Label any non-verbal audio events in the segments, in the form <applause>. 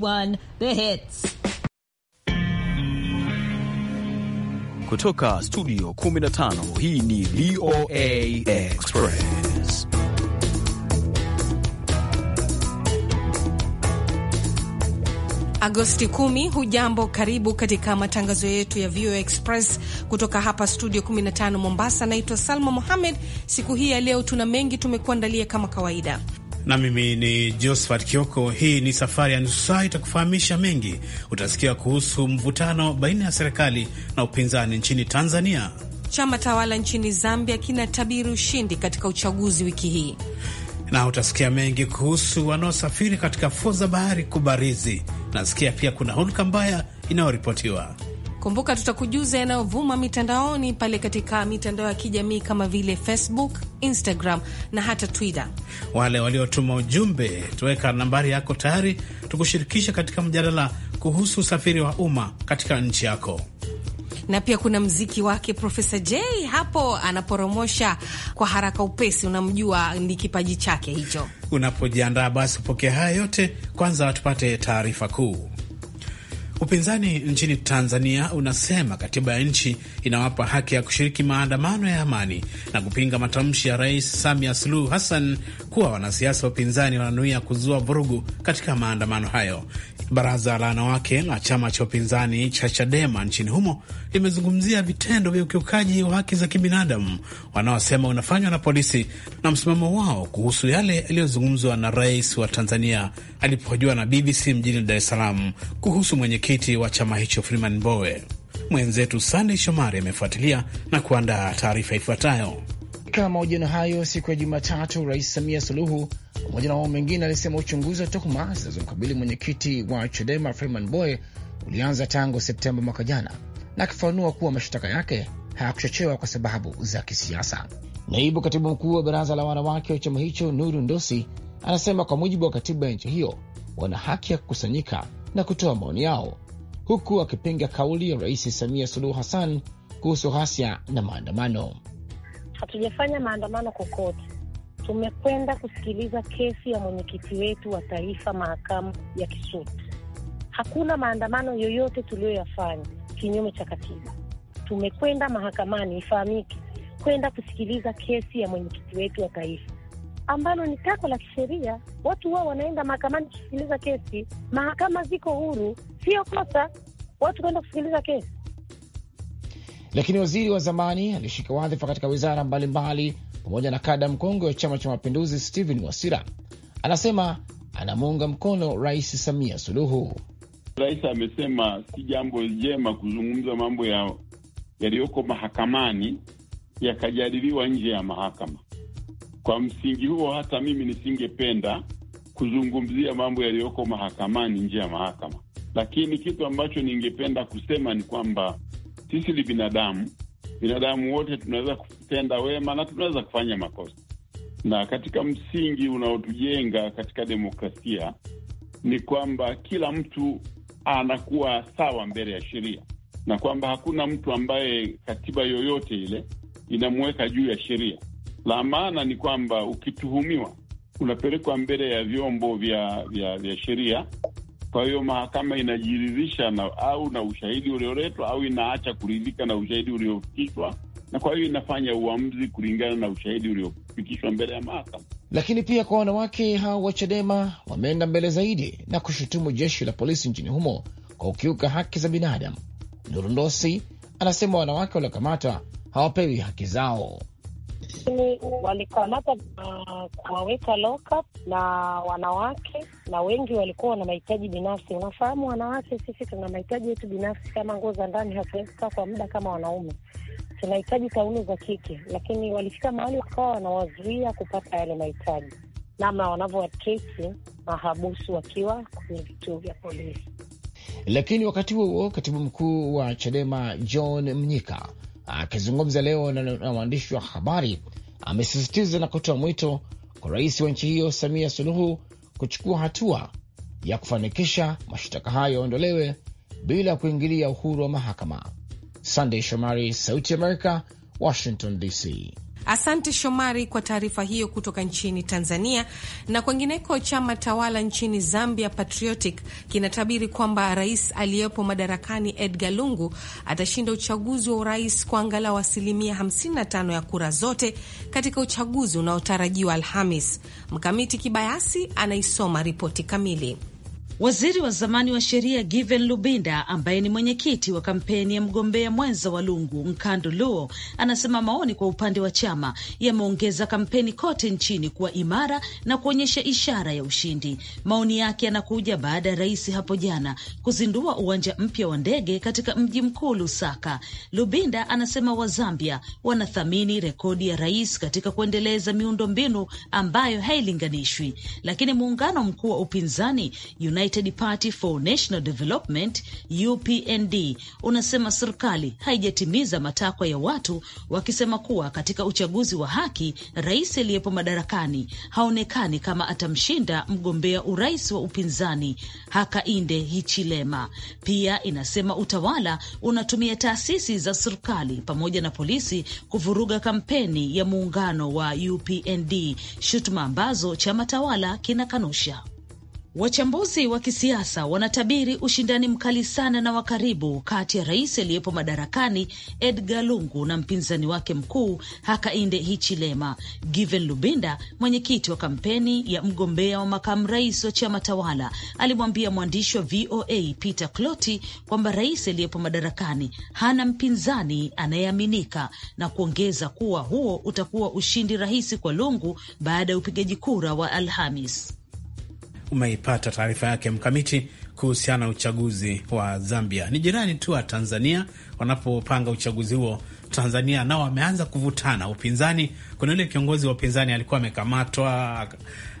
One, the hits. Kutoka studio 15 hii ni VOA Express. Agosti 10. Hujambo, karibu katika matangazo yetu ya VOA Express kutoka hapa studio 15 Mombasa. Naitwa Salma Mohamed. Siku hii ya leo tuna mengi tumekuandalia kama kawaida na mimi ni Josephat Kioko. Hii ni safari ya nusu saa, itakufahamisha mengi. Utasikia kuhusu mvutano baina ya serikali na upinzani nchini Tanzania. Chama tawala nchini Zambia kinatabiri ushindi katika uchaguzi wiki hii, na utasikia mengi kuhusu wanaosafiri katika fuo za bahari kubarizi. Nasikia pia kuna hulka mbaya inayoripotiwa. Kumbuka tutakujuza yanayovuma mitandaoni pale katika mitandao ya kijamii kama vile Facebook, Instagram na hata Twitter. Wale waliotuma ujumbe, tuweka nambari yako tayari, tukushirikisha katika mjadala kuhusu usafiri wa umma katika nchi yako na pia kuna mziki wake Profesa J hapo anaporomosha kwa haraka upesi, unamjua ni kipaji chake hicho. Unapojiandaa basi upokea haya yote kwanza, tupate taarifa kuu. Upinzani nchini Tanzania unasema katiba ya nchi inawapa haki ya kushiriki maandamano ya amani na kupinga matamshi ya Rais Samia Suluhu Hassan kuwa wanasiasa wa upinzani wananuia kuzua vurugu katika maandamano hayo. Baraza la wanawake la chama cha upinzani cha Chadema nchini humo limezungumzia vitendo vya ukiukaji wa haki za kibinadamu wanaosema unafanywa na polisi na msimamo wao kuhusu yale yaliyozungumzwa na rais wa Tanzania alipohojiwa na BBC mjini Dar es Salaam kuhusu mwenye mwenyekiti wa chama hicho Freeman Mbowe. Mwenzetu Sandey Shomari amefuatilia na kuandaa taarifa ifuatayo. Katika mahojiano hayo siku ya Jumatatu, Rais Samia Suluhu pamoja na mambo mengine alisema uchunguzi wa tuhuma zinazomkabili mwenyekiti wa Chadema Freeman Mbowe ulianza tangu Septemba mwaka jana, na akifafanua kuwa mashtaka yake hayakuchochewa kwa sababu za kisiasa. Naibu katibu mkuu wa baraza la wanawake wa chama hicho Nuru Ndosi anasema kwa mujibu wa katiba ya nchi hiyo wana haki ya kukusanyika na kutoa maoni yao, huku akipinga kauli ya Rais Samia Suluhu Hassan kuhusu ghasia na maandamano. Hatujafanya maandamano kokote, tumekwenda kusikiliza kesi ya mwenyekiti wetu wa taifa mahakamu ya Kisutu. Hakuna maandamano yoyote tuliyoyafanya kinyume cha katiba. Tumekwenda mahakamani, ifahamike, kwenda kusikiliza kesi ya mwenyekiti wetu wa taifa ambalo ni tako la kisheria. Watu wao wanaenda mahakamani kusikiliza kesi, mahakama ziko huru, sio kosa watu kwenda kusikiliza kesi. Lakini waziri wa zamani alishika wadhifa katika wizara mbalimbali pamoja na kada mkongwe wa Chama cha Mapinduzi Stephen Wasira anasema anamuunga mkono Rais Samia Suluhu. Rais amesema si jambo jema kuzungumza mambo yaliyoko mahakamani yakajadiliwa nje ya mahakama. Kwa msingi huo, hata mimi nisingependa kuzungumzia mambo yaliyoko mahakamani nje ya mahakama, lakini kitu ambacho ningependa kusema ni kwamba sisi ni binadamu. Binadamu wote tunaweza kutenda wema na tunaweza kufanya makosa, na katika msingi unaotujenga katika demokrasia ni kwamba kila mtu anakuwa sawa mbele ya sheria na kwamba hakuna mtu ambaye katiba yoyote ile inamuweka juu ya sheria. La maana ni kwamba ukituhumiwa unapelekwa mbele ya vyombo vya, vya, vya sheria. Kwa hiyo mahakama inajiridhisha na, au na ushahidi ulioletwa au inaacha kuridhika na ushahidi uliofikishwa, na kwa hiyo inafanya uamuzi kulingana na ushahidi uliofikishwa mbele ya mahakama. Lakini pia kwa wanawake hao wa Chadema wameenda mbele zaidi na kushutumu jeshi la polisi nchini humo kwa ukiuka haki za binadamu. Nurundosi anasema wanawake waliokamata hawapewi haki zao walikamata na uh, kuwaweka lockup na wanawake, na wengi walikuwa wana mahitaji binafsi. Unafahamu, wanawake sisi tuna mahitaji yetu binafsi, kama nguo za ndani hatuwezi kukaa kwa muda kama wanaume, tunahitaji taulo za kike, lakini walifika mahali wakawa wanawazuia kupata yale mahitaji, namna wanavyowatriti mahabusu wakiwa kwenye vituo vya polisi. Lakini wakati huo huo, katibu mkuu wa Chadema John Mnyika Akizungumza leo na, na waandishi wa habari, amesisitiza na kutoa mwito kwa rais wa nchi hiyo Samia Suluhu kuchukua hatua ya kufanikisha mashtaka hayo yaondolewe bila kuingilia uhuru wa mahakama. Sandey Shomari, Sauti ya Amerika, Washington DC. Asante Shomari kwa taarifa hiyo kutoka nchini Tanzania. Na kwengineko, chama tawala nchini Zambia, Patriotic, kinatabiri kwamba rais aliyepo madarakani Edgar Lungu atashinda uchaguzi wa urais kwa angalau asilimia 55 ya kura zote katika uchaguzi unaotarajiwa Alhamis. Mkamiti Kibayasi anaisoma ripoti kamili. Waziri wa zamani wa sheria Given Lubinda, ambaye ni mwenyekiti wa kampeni ya mgombea mwenza wa Lungu nkandu Luo, anasema maoni kwa upande wa chama yameongeza kampeni kote nchini kuwa imara na kuonyesha ishara ya ushindi. Maoni yake yanakuja baada ya rais hapo jana kuzindua uwanja mpya wa ndege katika mji mkuu Lusaka. Lubinda anasema Wazambia wanathamini rekodi ya rais katika kuendeleza miundo mbinu ambayo hailinganishwi, lakini muungano mkuu wa upinzani United United Party for National Development UPND unasema serikali haijatimiza matakwa ya watu, wakisema kuwa katika uchaguzi wa haki rais aliyepo madarakani haonekani kama atamshinda mgombea urais wa upinzani Hakainde Hichilema. Pia inasema utawala unatumia taasisi za serikali pamoja na polisi kuvuruga kampeni ya muungano wa UPND, shutuma ambazo chama tawala kinakanusha. Wachambuzi wa kisiasa wanatabiri ushindani mkali sana na wa karibu kati ya rais aliyepo madarakani Edgar Lungu na mpinzani wake mkuu Hakainde Hichilema. Given Lubinda, mwenyekiti wa kampeni ya mgombea wa makamu rais wa chama tawala, alimwambia mwandishi wa VOA Peter Cloti kwamba rais aliyepo madarakani hana mpinzani anayeaminika na kuongeza kuwa huo utakuwa ushindi rahisi kwa Lungu baada ya upigaji kura wa Alhamis umeipata taarifa yake mkamiti kuhusiana na uchaguzi wa Zambia. Ni jirani tu wa Tanzania, wanapopanga uchaguzi huo Tanzania nao wameanza kuvutana. Upinzani, kuna yule kiongozi wa upinzani alikuwa amekamatwa,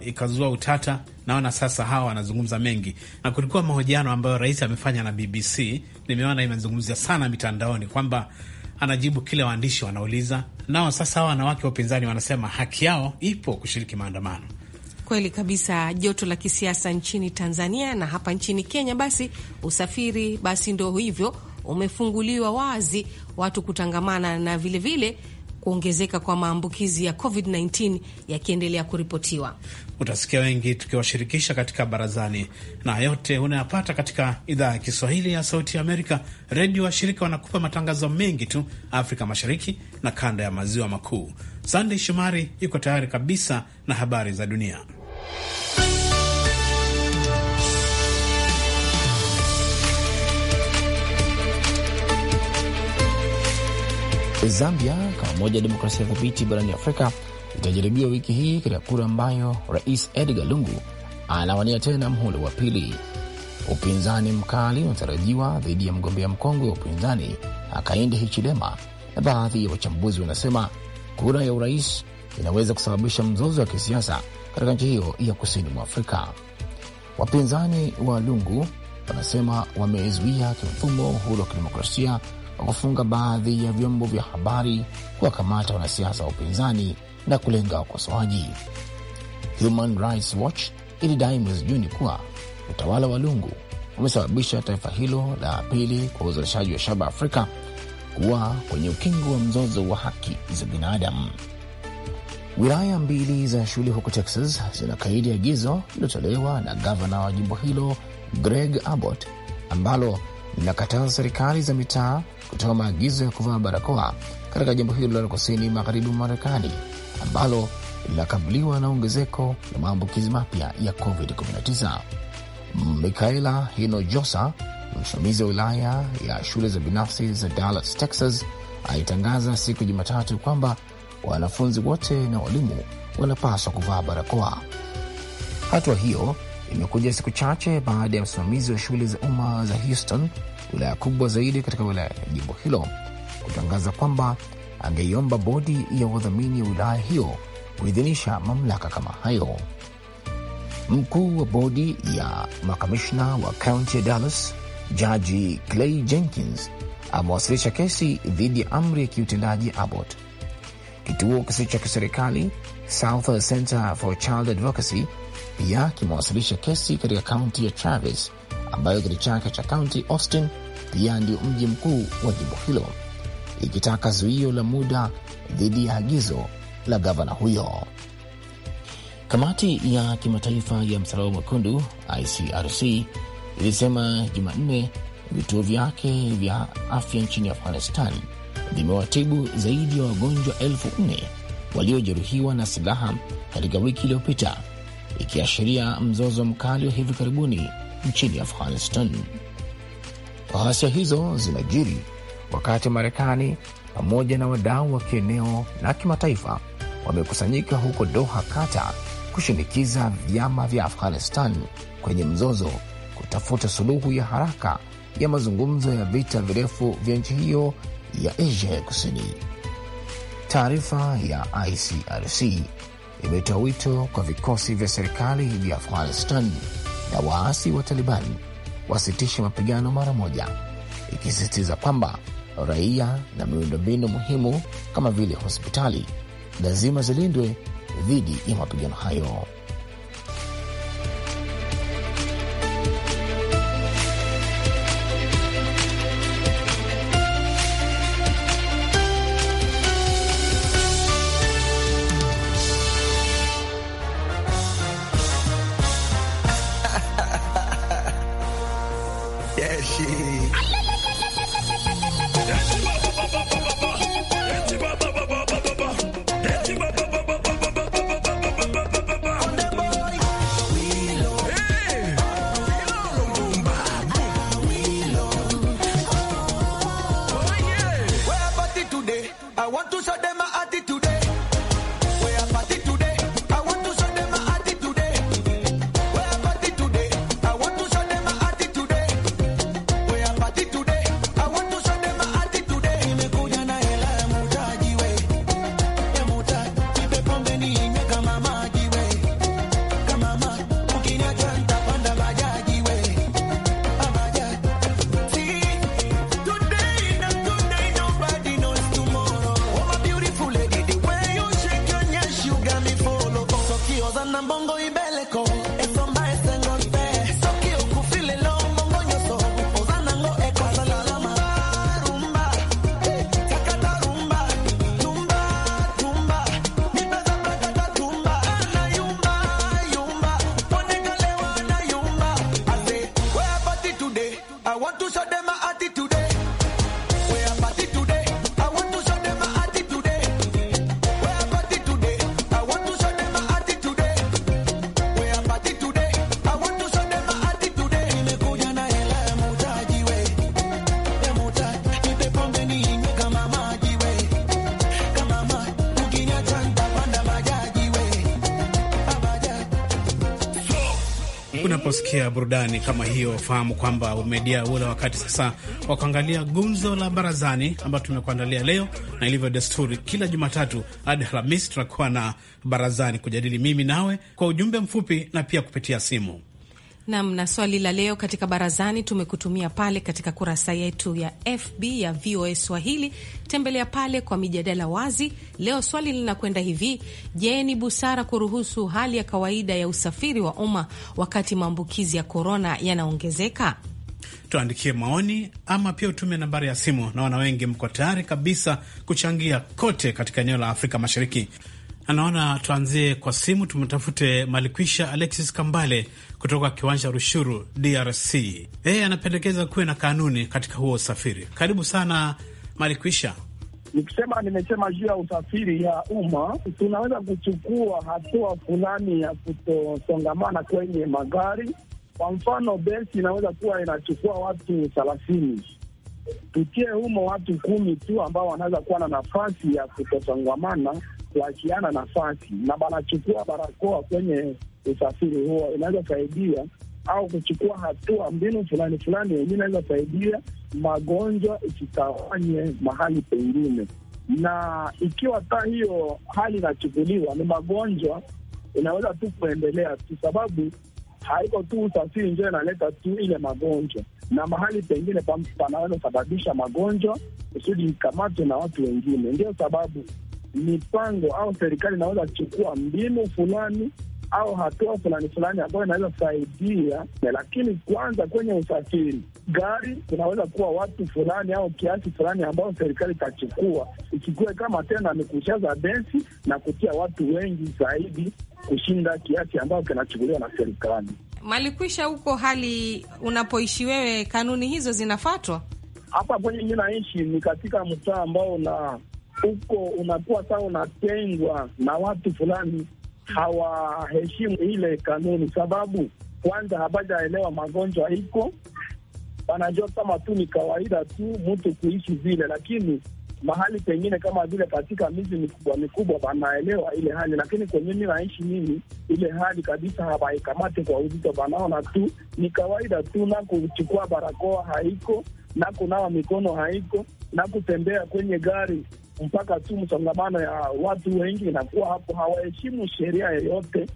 ikazua utata. Naona sasa hawa wanazungumza mengi, na kulikuwa mahojiano ambayo rais amefanya na BBC, nimeona imezungumzia sana mitandaoni kwamba anajibu kile waandishi wanauliza. Nao sasa hawa wanawake wa upinzani wanasema haki yao ipo kushiriki maandamano. Kweli kabisa, joto la kisiasa nchini Tanzania na hapa nchini Kenya. Basi usafiri basi ndo hivyo umefunguliwa wazi watu kutangamana, na vilevile vile kuongezeka kwa maambukizi ya COVID-19 yakiendelea kuripotiwa. Utasikia wengi tukiwashirikisha katika barazani, na yote unayapata katika idhaa ya Kiswahili ya Sauti ya Amerika. Redio washirika wanakupa matangazo mengi tu Afrika Mashariki na kanda ya Maziwa Makuu. Sandey Shomari yuko tayari kabisa na habari za dunia. Zambia kama moja ya demokrasia thabiti barani Afrika itajaribiwa wiki hii katika kura ambayo rais Edgar Lungu anawania tena mhula wa pili. Upinzani mkali unatarajiwa dhidi ya mgombea mkongwe wa upinzani Hakainde Hichilema, na baadhi ya wachambuzi wanasema kura ya urais inaweza kusababisha mzozo wa kisiasa katika nchi hiyo ya kusini mwa Afrika. Wapinzani wa Lungu wanasema wamezuia kimfumo uhuru wa kidemokrasia wa kufunga baadhi ya vyombo vya habari, kuwakamata wanasiasa wa upinzani na kulenga wakosoaji. Human Rights Watch ilidai mwezi Juni kuwa utawala wa Lungu umesababisha taifa hilo la pili kwa uzalishaji wa shaba Afrika kuwa kwenye ukingo wa mzozo wa haki za binadamu. Wilaya mbili za shule huko Texas zinakaidi agizo lililotolewa na gavana wa jimbo hilo Greg Abbott ambalo linakataza serikali za mitaa kutoa maagizo ya kuvaa barakoa katika jimbo hilo la kusini magharibi mwa Marekani ambalo linakabiliwa na ongezeko la maambukizi mapya ya COVID-19. Mikaela Hinojosa, msimamizi wa wilaya ya shule za binafsi za Dallas, Texas, alitangaza siku Jumatatu kwamba wanafunzi wote na walimu wanapaswa kuvaa barakoa. Hatua hiyo imekuja siku chache baada ya msimamizi wa shule za umma za Houston, wilaya kubwa zaidi katika wilaya ya jimbo hilo, kutangaza kwamba angeiomba bodi ya wadhamini ya wilaya hiyo kuidhinisha mamlaka kama hayo. Mkuu wa bodi ya makamishna wa kaunti ya Dallas, Jaji Clay Jenkins amewasilisha kesi dhidi ya amri ya kiutendaji Abbott Kituo kisicho cha kiserikali South Center for Child Advocacy pia kimewasilisha kesi katika kaunti ya Travis ambayo kiti chake cha kaunti Austin pia ndio mji mkuu wa jimbo hilo, ikitaka zuio la muda dhidi ya agizo la gavana huyo. Kamati ya kimataifa ya msalaba mwekundu ICRC ilisema Jumanne vituo vyake vya afya nchini Afghanistan imewatibu zaidi ya wa wagonjwa elfu nne waliojeruhiwa na silaha katika wiki iliyopita, ikiashiria mzozo mkali wa hivi karibuni nchini Afghanistan. Ghasia hizo zinajiri wakati Marekani pamoja na wadau wa kieneo na kimataifa wamekusanyika huko Doha, Qatar, kushinikiza vyama vya Afghanistan kwenye mzozo kutafuta suluhu ya haraka ya mazungumzo ya vita virefu vya nchi hiyo ya Asia ya Kusini. Taarifa ya ICRC imetoa wito kwa vikosi vya serikali vya Afghanistan na waasi wa Taliban wasitishe mapigano mara moja, ikisisitiza kwamba raia na miundombinu muhimu kama vile hospitali lazima zilindwe dhidi ya mapigano hayo. Yeah, she. record. kukuletea burudani kama hiyo, fahamu kwamba umedia ule wakati sasa wa kuangalia gumzo la barazani ambayo tumekuandalia leo, na ilivyo desturi, kila Jumatatu hadi Alhamisi tunakuwa na barazani kujadili mimi nawe kwa ujumbe mfupi na pia kupitia simu. Nam na swali la leo katika barazani tumekutumia pale katika kurasa yetu ya FB ya VOA Swahili, tembelea pale kwa mijadala wazi. Leo swali linakwenda hivi: Je, ni busara kuruhusu hali ya kawaida ya usafiri wa umma wakati maambukizi ya korona yanaongezeka? Tuandikie maoni ama pia utume nambari ya simu. Naona wengi mko tayari kabisa kuchangia kote katika eneo la Afrika Mashariki. Anaona tuanzie kwa simu, tumtafute Malikwisha Alexis Kambale kutoka kiwanja Rushuru, DRC. Yeye anapendekeza kuwe na kanuni katika huo usafiri. Karibu sana Malikwisha. Nikisema nimesema juu ya usafiri ya umma, tunaweza kuchukua hatua fulani ya kutosongamana kwenye magari. Kwa mfano, besi inaweza kuwa inachukua watu thelathini, tutie humo watu kumi tu ambao wanaweza kuwa na nafasi ya kutosongamana, kuachiana nafasi, na banachukua barakoa kwenye usafiri huo, inaweza saidia au kuchukua hatua, mbinu fulani fulani yenyewe inaweza saidia magonjwa isitawanye mahali pengine, na ikiwa ta hiyo hali inachukuliwa, ni magonjwa inaweza tu kuendelea tu, sababu haiko tu usafiri njio inaleta tu ile magonjwa, na mahali pengine panaweza sababisha magonjwa kusudi ikamatwe na watu wengine. Ndio sababu mipango au serikali inaweza kuchukua mbinu fulani au hatua fulani fulani ambayo inaweza saidia, lakini kwanza kwenye usafiri gari kunaweza kuwa watu fulani au kiasi fulani ambao serikali itachukua, ichukue kama tena ni kushaza besi na kutia watu wengi zaidi kushinda kiasi ambayo kinachukuliwa na serikali. Malikwisha huko hali unapoishi wewe, kanuni hizo zinafuatwa? Hapa kwenye mi naishi ni katika mtaa ambao na huko unakuwa saa unatengwa na watu fulani hawaheshimu ile kanuni, sababu kwanza habajaelewa magonjwa iko, wanajua kama tu ni kawaida tu mtu kuishi vile, lakini mahali pengine kama vile katika miji mikubwa mikubwa banaelewa ile hali, lakini kwenye mi naishi mimi ile hali kabisa habaikamate kwa uzito, banaona tu ni kawaida tu, na kuchukua barakoa haiko, na kunawa mikono haiko, na kutembea kwenye gari mpaka tu msongamano ya watu wengi inakuwa hapo, hawaheshimu sheria yoyote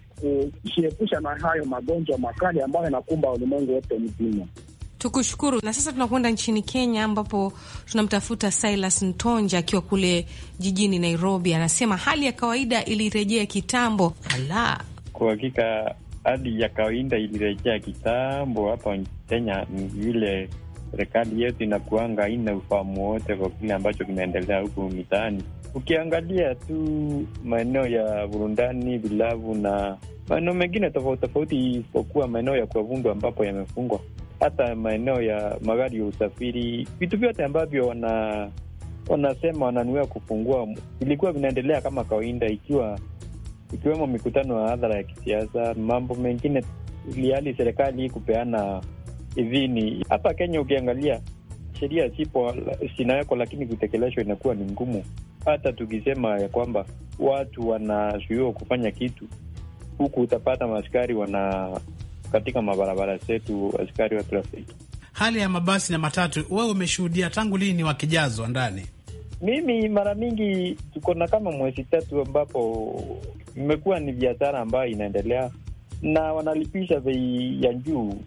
kujiepusha na hayo magonjwa makali ambayo yanakumba ulimwengu wote mzima. Tukushukuru. Na sasa tunakwenda nchini Kenya, ambapo tunamtafuta Silas Ntonja akiwa kule jijini Nairobi. Anasema hali ya kawaida ilirejea kitambo. Ala, kwa hakika hali ya kawaida ilirejea kitambo hapa Kenya, ni ile serikali yetu inakuanga haina ufahamu wote kwa kile ambacho kinaendelea huku mitaani. Ukiangalia tu maeneo ya burundani, vilavu na maeneo mengine tofauti tofauti, isipokuwa maeneo ya kuavundwa ambapo yamefungwa, hata maeneo ya magari ya usafiri, vitu vyote ambavyo wana wanasema wananuia kufungua vilikuwa vinaendelea kama kawaida, ikiwa ikiwemo mikutano ya hadhara ya kisiasa, mambo mengine, ilihali serikali kupeana idhini. Hapa Kenya ukiangalia sheria zipo, zinawekwa, lakini kutekelezwa inakuwa ni ngumu. Hata tukisema ya kwamba watu wanazuiwa kufanya kitu, huku utapata maaskari wana katika mabarabara zetu, askari wa trafiki. Hali ya mabasi na matatu, wewe umeshuhudia tangu lini wakijazwa ndani? Mimi mara mingi tuko na kama mwezi tatu, ambapo imekuwa ni biashara ambayo inaendelea na wanalipisha bei ya juu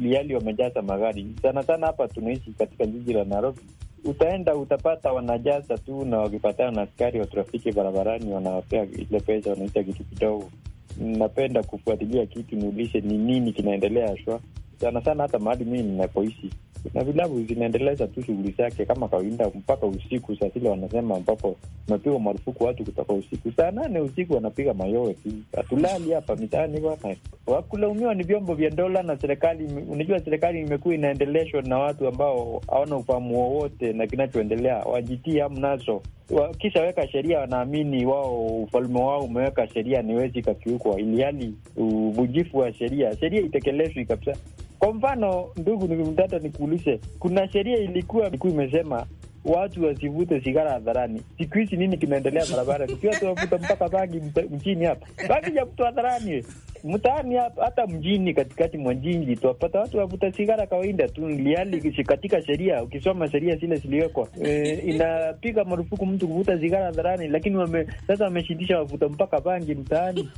liali wamejaza magari sana sana. Hapa tunaishi katika jiji la Nairobi, utaenda utapata wanajaza tu, na wakipatana na askari wa trafiki barabarani wanawapea ile pesa, wanaita kitu kidogo. Napenda kufuatilia kitu niulishe ni nini kinaendelea haswa, sana sana hata mahali mii ninapoishi na vilabu zinaendeleza tu shughuli zake kama kawaida mpaka usiku. Saa zile wanasema ambapo umepigwa marufuku watu kutoka usiku saa nane usiku, wanapiga mayowe tu. Hatulali hapa mitaani bwana. Wakulaumiwa ni vyombo vya dola na serikali. Unajua, serikali imekuwa inaendeleshwa na watu ambao hawana ufahamu wowote na kinachoendelea, wajitia mnazo wakishaweka sheria wanaamini wao ufalme wao umeweka sheria, niwezi kakiukwa, hali uvujifu wa sheria sheria itekelezwi kabisa. Kwa mfano, ndugu nimemtata, nikuulishe, kuna sheria ilikuwa ilikuwa imesema watu wasivute sigara hadharani. Siku hizi nini kinaendelea barabara? Tukiwa tunavuta mpaka bangi mjini hapa, bangi javutwa hadharani, mtaani hapa, hata mjini, katikati mwa jiji tuwapata watu wavuta sigara kawaida tu, liali katika sheria. Ukisoma sheria zile ziliwekwa, e, inapiga marufuku mtu kuvuta sigara hadharani, lakini wame, sasa wameshindisha wavuta mpaka bangi mtaani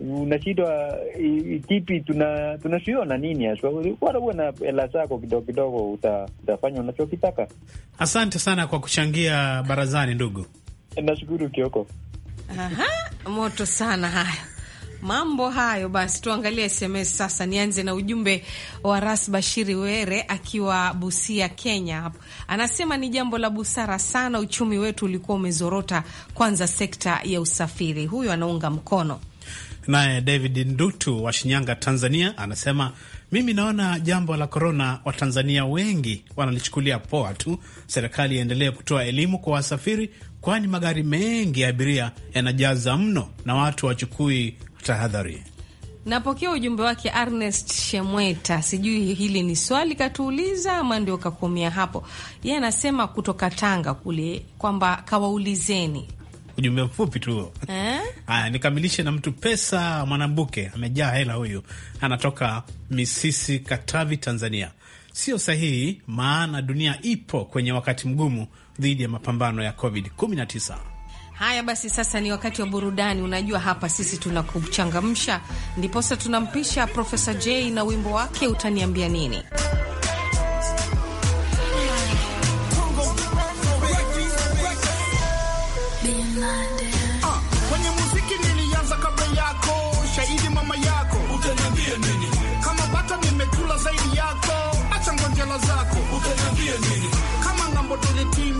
unashindwa kipi tunashiona nini haswa. Bora huwe na hela zako kidogo kidogo, utafanya unachokitaka. Asante sana kwa kuchangia barazani, ndugu. Nashukuru Kioko. Aha, moto sana haya mambo hayo. Basi tuangalie SMS sasa. Nianze na ujumbe wa Ras Bashiri Were akiwa Busia, Kenya. Hapo anasema ni jambo la busara sana, uchumi wetu ulikuwa umezorota, kwanza sekta ya usafiri. Huyu anaunga mkono Naye David Ndutu wa Shinyanga, Tanzania, anasema mimi naona jambo la korona, Watanzania wengi wanalichukulia poa tu. Serikali iendelee kutoa elimu kwa wasafiri, kwani magari mengi ya abiria yanajaza mno na watu wachukui tahadhari. Napokea ujumbe wake Ernest Shemweta, sijui hili ni swali katuuliza ama ndio kakomia hapo. Yeye anasema kutoka Tanga kule kwamba kawaulizeni ujumbe mfupi tu eh? Haya, nikamilishe na mtu pesa Mwanambuke, amejaa hela huyu, anatoka Misisi, Katavi, Tanzania. Sio sahihi, maana dunia ipo kwenye wakati mgumu dhidi ya mapambano ya Covid 19. Haya basi, sasa ni wakati wa burudani. Unajua hapa sisi tunakuchangamsha, ndiposa tunampisha Profesa J na wimbo wake utaniambia nini.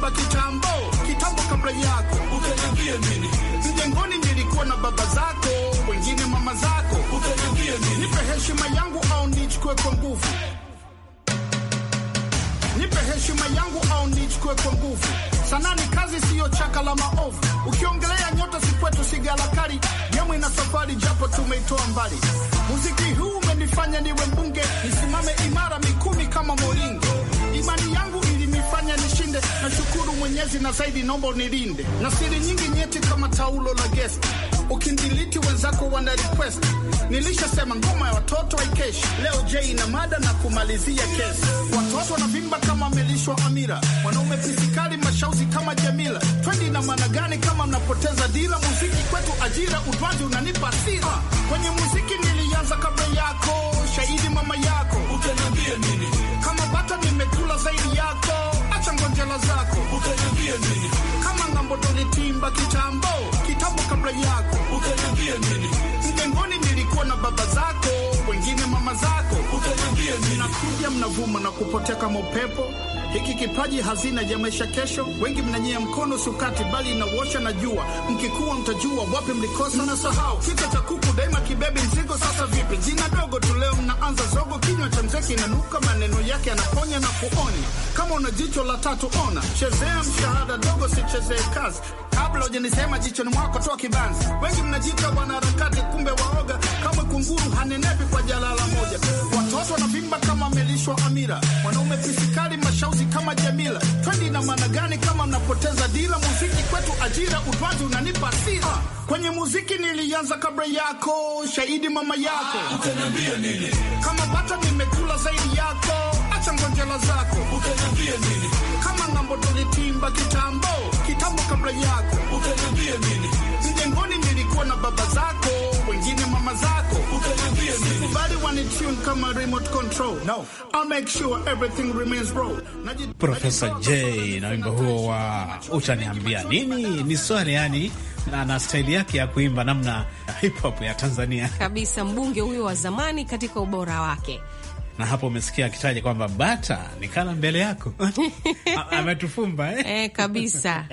Simba kitambo kitambo, kabla yako ukaniambie nini? Mjengoni nilikuwa na baba zako, wengine mama zako, ukaniambie nini? Nipe heshima yangu au nichukue kwa nguvu. Nipe heshima yangu au nichukue kwa nguvu. Sanaa ni kazi, siyo chaka la maovu. Ukiongelea nyota si kwetu, si galakari yemwe na safari, japo tumeitoa mbali. Muziki huu umenifanya niwe mbunge, nisimame imara, mikumi kama moringo, imani yangu kunifanya nishinde. Nashukuru Mwenyezi na zaidi naomba unilinde na siri nyingi nyeti kama taulo la guest. Ukindiliti wenzako wana request. Nilishasema ngoma ya watoto haikeshi. Leo je ina mada na kumalizia kesi. Watoto wanavimba kama wamelishwa amira, wanaume fisikali mashauzi kama Jamila. Twendi na maana gani kama mnapoteza dira? Muziki kwetu ajira, utwaji unanipa sira. Kwenye muziki nilianza kabla yako, shahidi mama yako. Utaniambia nini? Kama bata nimekula zaidi yako hata ngonjala zako ukaniambia nini? Kama ng'ambo tulitimba kitambo kitambo kabla yako ukaniambia nini? Mtengoni nilikuwa na baba zako, wengine mama zako ukaniambia nini? Nakuja mnavuma na kupotea kama upepo hiki kipaji hazina ya maisha kesho. Wengi mnanyia mkono sukati, bali inawosha na jua. Mkikuwa mtajua wapi mlikosa na sahau. Kichwa cha kuku daima kibebi mzigo. Sasa vipi? Jina dogo tu leo mnaanza zogo. Kinywa cha mzeki kinanuka, maneno yake anaponya na kuonya. Kama una jicho la tatu ona, chezea mshahada dogo, sichezee kazi. Kabla ujanisema jichoni mwako toa kibanzi. Wengi mnajita wanaharakati, kumbe waoga kunguru hanenepi kwa jalala moja. Watoto wanavimba kama amelishwa amira, wanaume pisikali mashauzi kama Jamila. Twendi na maana gani kama mnapoteza dila? Muziki kwetu ajira, utwazi unanipa sira. Kwenye muziki nilianza kabla yako, shahidi mama yako. Utaniambia nini? Kama bata nimekula zaidi yako, acha ngonjela zako. Utaniambia nini? Kama ng'ambo tulitimba kitambo, kitambo kabla yako. Utaniambia nini? baba zako, wengine mama zako. Sikubali wanitune kama remote control. No. I'll make sure everything remains raw. Profesa J na wimbo huo wa utaniambia nini ni swali yani na, na staili yake ya kuimba namna hip hop ya Tanzania kabisa, mbunge huyo wa zamani katika ubora wake na hapo umesikia akitaja kwamba bata nikala mbele yako <laughs> ametufumba eh? E, kabisa <laughs>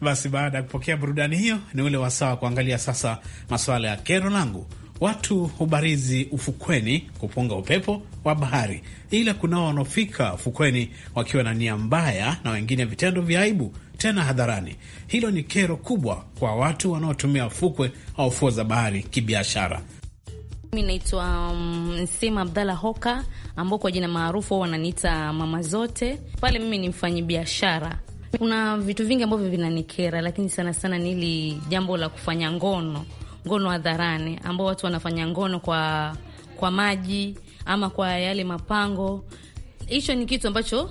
Basi baada ya kupokea burudani hiyo, ni ule wasawa kuangalia sasa masuala ya kero langu. Watu hubarizi ufukweni kupunga upepo wa bahari, ila kunao wanaofika ufukweni wakiwa na nia mbaya na wengine vitendo vya aibu tena hadharani. Hilo ni kero kubwa kwa watu wanaotumia fukwe au fuo za bahari kibiashara. Mi naitwa Msima mm, um, Abdalla Hoka, ambao kwa jina maarufu wananiita mama zote. Pale mimi ni mfanyi biashara kuna vitu vingi ambavyo vinanikera, lakini sana sana ni hili jambo la kufanya ngono, ngono hadharani, ambao watu wanafanya ngono kwa kwa maji ama kwa yale mapango. Hicho ni kitu ambacho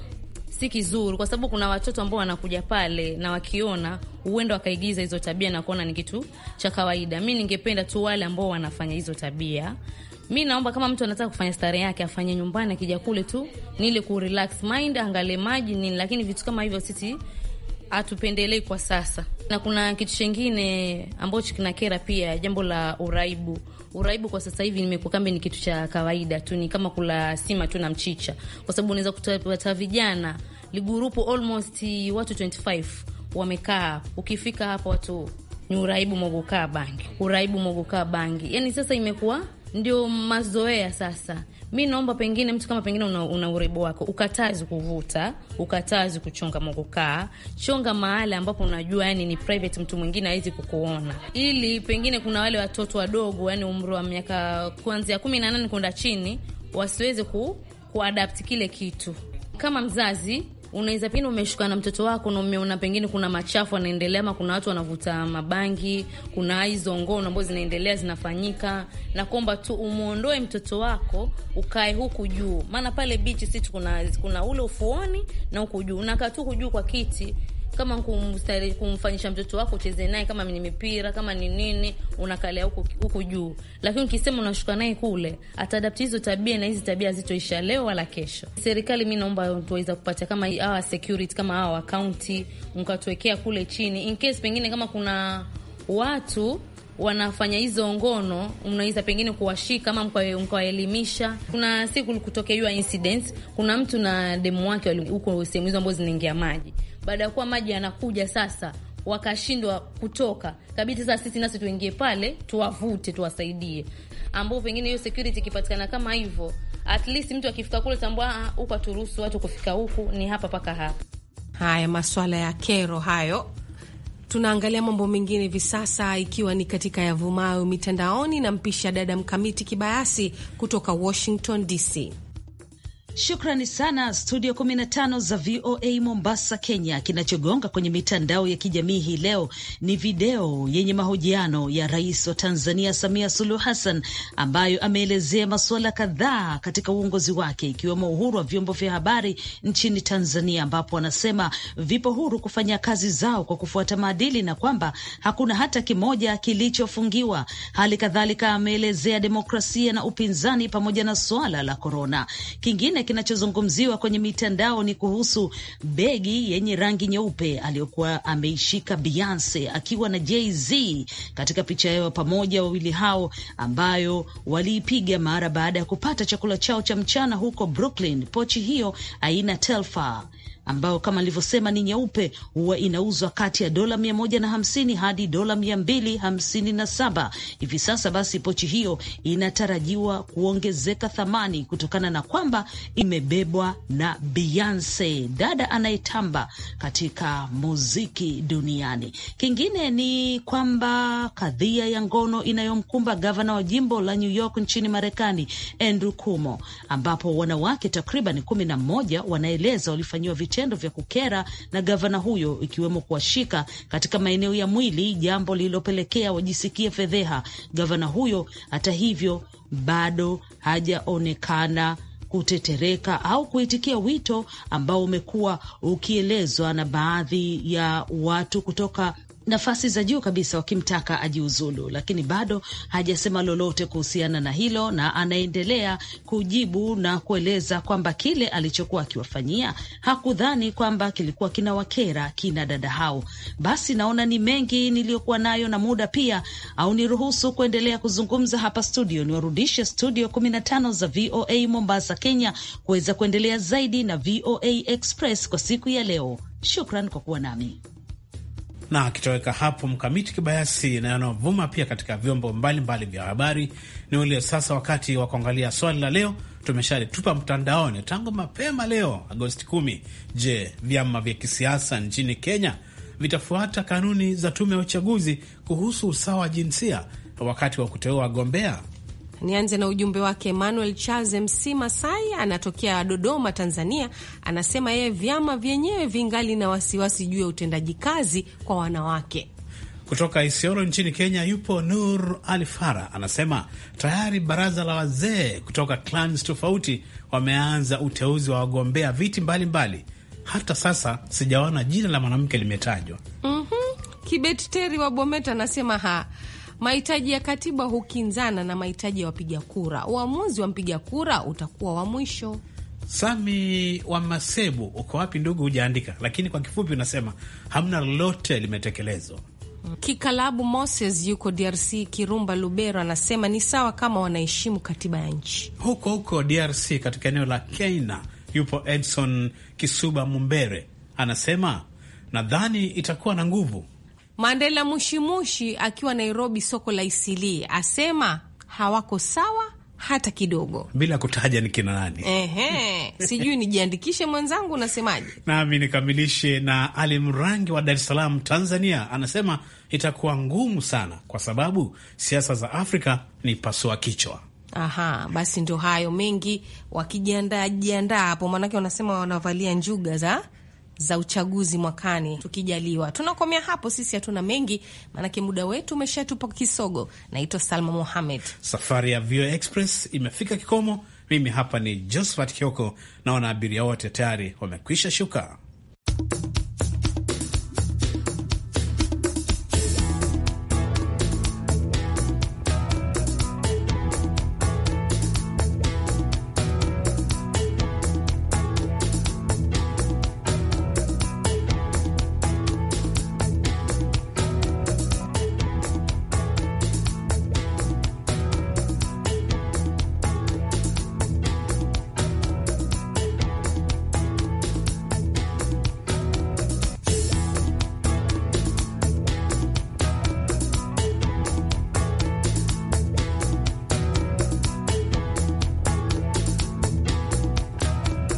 si kizuri, kwa sababu kuna watoto ambao wanakuja pale na wakiona, huenda wakaigiza hizo tabia na kuona ni kitu cha kawaida. Mi ningependa tu wale ambao wanafanya hizo tabia Mi naomba kama mtu anataka kufanya stare yake afanye nyumbani, akija kule tu nile ku relax mind, angalie maji nini, lakini vitu kama hivyo sisi hatupendelei kwa sasa. Na kuna kitu chengine ambacho kinakera pia, jambo la uraibu. Uraibu kwa sasa hivi nimekuwa kambi ni kitu cha kawaida tu, ni kama kula sima tu na mchicha, kwa sababu unaweza kupata vijana ligurupu almost watu 25 wamekaa, ukifika hapo watu ni uraibu mogokaa bangi, uraibu mogokaa bangi. Yani sasa imekuwa ndio mazoea sasa. Mi naomba pengine mtu kama pengine una, una urebo wako, ukatazi kuvuta, ukatazi kuchonga mogokaa, chonga mahali ambapo unajua yani ni private, mtu mwingine hawezi kukuona, ili pengine kuna wale watoto wadogo, yani umri wa miaka kuanzia kumi na nane kwenda chini, wasiweze ku, kuadapti kile kitu. Kama mzazi unaweza pia umeshuka na mtoto wako na umeona pengine kuna machafu anaendelea, ama kuna watu wanavuta mabangi, kuna hizo ngono ambazo zinaendelea zinafanyika, na kwamba tu umwondoe mtoto wako ukae huku juu, maana pale bichi sisi kuna, kuna ule ufuoni na huku juu unakaa tu huku juu kwa kiti kama kumstahili kumfanyisha mtoto wako ucheze naye, kama ni mipira, kama ni nini, unakalia huku huku juu, lakini ukisema unashuka naye kule, atadapti hizo tabia, na hizi tabia hazitoisha leo wala kesho. Serikali, mi naomba tuweza kupata kama hawa security kama hawa county, mkatuwekea kule chini, in case pengine kama kuna watu wanafanya hizo ngono, mnaweza pengine kuwashika ama mkawaelimisha. Kuna siku kutokea hiyo incident, kuna mtu na demu wake huko sehemu hizo ambazo zinaingia maji baada ya kuwa maji yanakuja sasa wakashindwa kutoka kabidi, sasa sisi nasi tuingie pale tuwavute, tuwasaidie, ambao pengine hiyo security ikipatikana kama hivyo, at least mtu akifika kule tambua, ah, huku aturuhusu watu kufika huku, ni hapa paka hapa. Haya maswala ya kero hayo. Tunaangalia mambo mengine hivi sasa, ikiwa ni katika yavumayo mitandaoni, na mpisha dada Mkamiti Kibayasi kutoka Washington DC. Shukrani sana studio 15 za VOA Mombasa, Kenya. Kinachogonga kwenye mitandao ya kijamii hii leo ni video yenye mahojiano ya rais wa Tanzania Samia Suluhu Hassan, ambayo ameelezea masuala kadhaa katika uongozi wake, ikiwemo uhuru wa vyombo vya habari nchini Tanzania, ambapo anasema vipo huru kufanya kazi zao kwa kufuata maadili na kwamba hakuna hata kimoja kilichofungiwa. Hali kadhalika ameelezea demokrasia na upinzani pamoja na suala la korona. Kingine kingine kinachozungumziwa kwenye mitandao ni kuhusu begi yenye rangi nyeupe aliyokuwa ameishika Beyonce akiwa na Jay-Z katika picha yao pamoja wawili hao, ambayo waliipiga mara baada ya kupata chakula chao cha mchana huko Brooklyn. Pochi hiyo aina Telfar ambao kama nilivyosema ni nyeupe, huwa inauzwa kati ya dola mia moja na hamsini hadi dola mia mbili hamsini na saba hivi sasa. Basi pochi hiyo inatarajiwa kuongezeka thamani kutokana na kwamba imebebwa na Beyonce, dada anayetamba katika muziki duniani. Kingine ni kwamba kadhia ya ngono inayomkumba gavana wa jimbo la New York nchini Marekani Andrew Cuomo, ambapo wanawake takriban kumi na moja wanaeleza walifanyiwa vitendo vya kukera na gavana huyo, ikiwemo kuwashika katika maeneo ya mwili, jambo lililopelekea wajisikie fedheha. Gavana huyo hata hivyo bado hajaonekana kutetereka au kuitikia wito ambao umekuwa ukielezwa na baadhi ya watu kutoka nafasi za juu kabisa wakimtaka ajiuzulu, lakini bado hajasema lolote kuhusiana na hilo, na anaendelea kujibu na kueleza kwamba kile alichokuwa akiwafanyia hakudhani kwamba kilikuwa kinawakera kina dada hao. Basi naona ni mengi niliyokuwa nayo na muda pia, au niruhusu kuendelea kuzungumza hapa studio, niwarudishe studio 15 za VOA Mombasa, Kenya, kuweza kuendelea zaidi na VOA Express kwa siku ya leo. Shukran kwa kuwa nami na akitoweka hapo Mkamiti Kibayasi, na yanayovuma pia katika vyombo mbalimbali vya habari ni ule sasa wakati wa kuangalia swali la leo. Tumeshalitupa mtandaoni tangu mapema leo Agosti 1 Je, vyama vya kisiasa nchini Kenya vitafuata kanuni za tume ya uchaguzi kuhusu usawa wa jinsia wakati wa kuteua wagombea? Nianze na ujumbe wake Emmanuel Charles MC Masai, anatokea Dodoma, Tanzania. Anasema yeye vyama vyenyewe vingali na wasiwasi juu ya utendaji kazi kwa wanawake. Kutoka Isioro nchini Kenya yupo Nur Ali Fara, anasema tayari baraza la wazee kutoka clans tofauti wameanza uteuzi wa wagombea viti mbalimbali mbali. Hata sasa sijaona jina la mwanamke limetajwa. mm -hmm. Kibet Teri wa Bometa anasema ha mahitaji ya katiba hukinzana na mahitaji ya wapiga kura. Uamuzi wa mpiga kura utakuwa wa mwisho. Sami wa Masebu, uko wapi ndugu? Hujaandika, lakini kwa kifupi unasema hamna lolote limetekelezwa. Kikalabu Moses yuko DRC, Kirumba Lubero, anasema ni sawa kama wanaheshimu katiba ya nchi. Huko huko DRC katika eneo la keina yupo Edson Kisuba Mumbere, anasema nadhani itakuwa na nguvu Mandela Mushimushi akiwa Nairobi, soko la Isilii, asema hawako sawa hata kidogo, bila kutaja ni kina nani. Ehe, sijui nijiandikishe mwenzangu, unasemaje? Nami nikamilishe na Ali Mrangi wa Dar es Salaam, Tanzania, anasema itakuwa ngumu sana kwa sababu siasa za Afrika ni pasua kichwa. Aha, basi ndo hayo mengi, wakijiandaa jiandaa hapo, maanake wanasema wanavalia njuga za za uchaguzi mwakani tukijaliwa. Tunakomea hapo, sisi hatuna mengi, maanake muda wetu umeshatupa kisogo. Naitwa Salma Mohamed. Safari ya VOA Express imefika kikomo. Mimi hapa ni Josephat Kioko, naona abiria wote tayari wamekwisha shuka.